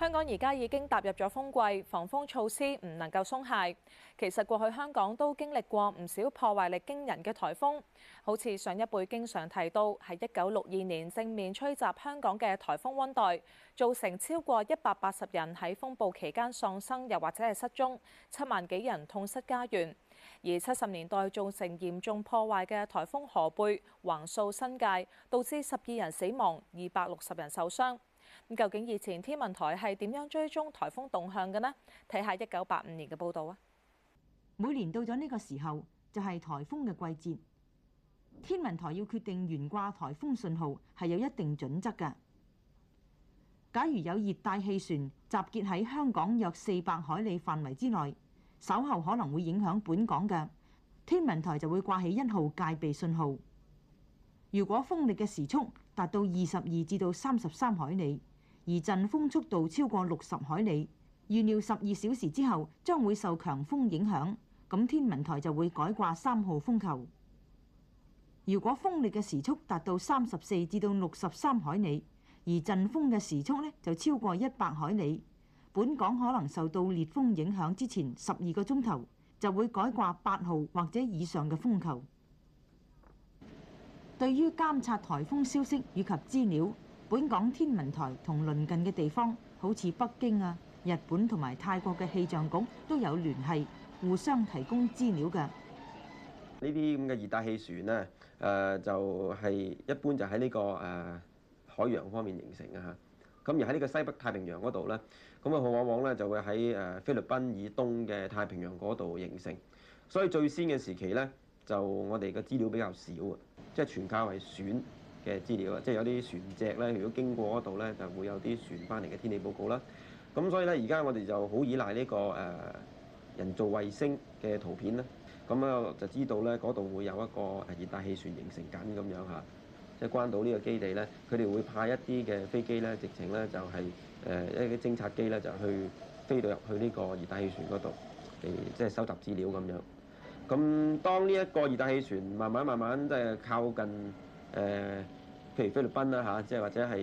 香港而家已經踏入咗風季，防風措施唔能夠鬆懈。其實過去香港都經歷過唔少破壞力驚人嘅颱風，好似上一輩經常提到，喺一九六二年正面吹襲香港嘅颱風温黛，造成超過一百八十人喺風暴期間喪生，又或者係失蹤，七萬幾人痛失家園。而七十年代造成嚴重破壞嘅颱風荷貝橫掃新界，導致十二人死亡，二百六十人受傷。咁究竟以前天文台係點樣追蹤颱風動向嘅呢？睇下一九八五年嘅報道啊！每年到咗呢個時候就係颱風嘅季節，天文台要決定懸掛颱風信號係有一定準則㗎。假如有熱帶氣旋集結喺香港約四百海里範圍之內，稍後可能會影響本港嘅，天文台就會掛起一號戒備信號。如果風力嘅時速達到二十二至到三十三海里，而陣風速度超過六十海里，預料十二小時之後將會受強風影響，咁天文台就會改掛三號風球。如果風力嘅時速達到三十四至到六十三海里，而陣風嘅時速呢就超過一百海里，本港可能受到烈風影響之前十二個鐘頭就會改掛八號或者以上嘅風球。對於監察颱風消息以及資料，本港天文台同鄰近嘅地方，好似北京啊、日本同埋泰國嘅氣象局都有聯繫，互相提供資料嘅。呢啲咁嘅熱帶氣旋呢，誒、呃、就係、是、一般就喺呢個誒海洋方面形成嘅嚇。咁而喺呢個西北太平洋嗰度呢，咁啊往往呢就會喺誒菲律賓以東嘅太平洋嗰度形成，所以最先嘅時期呢，就我哋嘅資料比較少啊。即係全靠係船嘅資料啦，即係有啲船隻咧，如果經過嗰度咧，就會有啲船翻嚟嘅天氣報告啦。咁所以咧，而家我哋就好依賴呢、這個誒、呃、人造衛星嘅圖片啦。咁咧，就知道咧嗰度會有一個熱帶氣旋形成緊咁樣嚇。即係關島呢個基地咧，佢哋會派一啲嘅飛機咧，直情咧就係、是、誒、呃、一啲偵察機咧，就去飛到入去呢個熱帶氣旋嗰度嚟，即係收集資料咁樣。咁當呢一個熱帶氣旋慢慢慢慢即係靠近誒、呃，譬如菲律賓啦嚇，即、啊、係或者係誒誒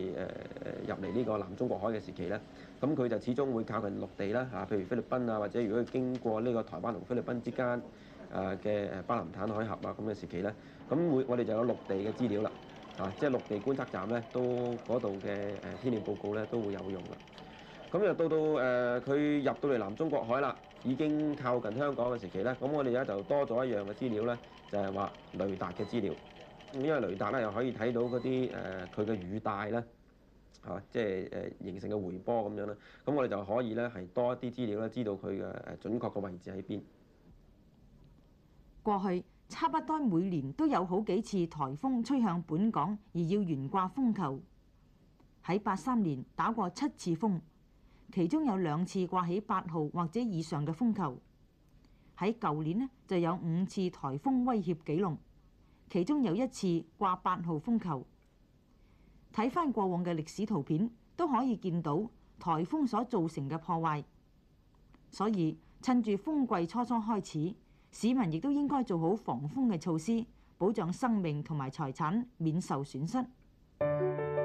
入嚟呢個南中國海嘅時期咧，咁、啊、佢就始終會靠近陸地啦嚇、啊，譬如菲律賓啊，或者如果經過呢個台灣同菲律賓之間啊嘅誒巴林坦海峽啊咁嘅時期咧，咁、啊、會我哋就有陸地嘅資料啦嚇、啊啊，即係陸地觀測站咧都嗰度嘅誒天氣報告咧都會有用嘅。咁又到到誒，佢入到嚟南中國海啦，已經靠近香港嘅時期咧。咁我哋而家就多咗一樣嘅資料咧，就係話雷達嘅資料，因為雷達咧又可以睇到嗰啲誒佢嘅雨帶咧嚇，即係誒形成嘅回波咁樣咧。咁我哋就可以咧係多一啲資料咧，知道佢嘅誒準確嘅位置喺邊。過去差不多每年都有好幾次颱風吹向本港而要懸掛風球，喺八三年打過七次風。其中有兩次掛起八號或者以上嘅風球，喺舊年呢，就有五次颱風威脅記錄，其中有一次掛八號風球。睇返過往嘅歷史圖片，都可以見到颱風所造成嘅破壞。所以趁住風季初初開始，市民亦都應該做好防風嘅措施，保障生命同埋財產免受損失。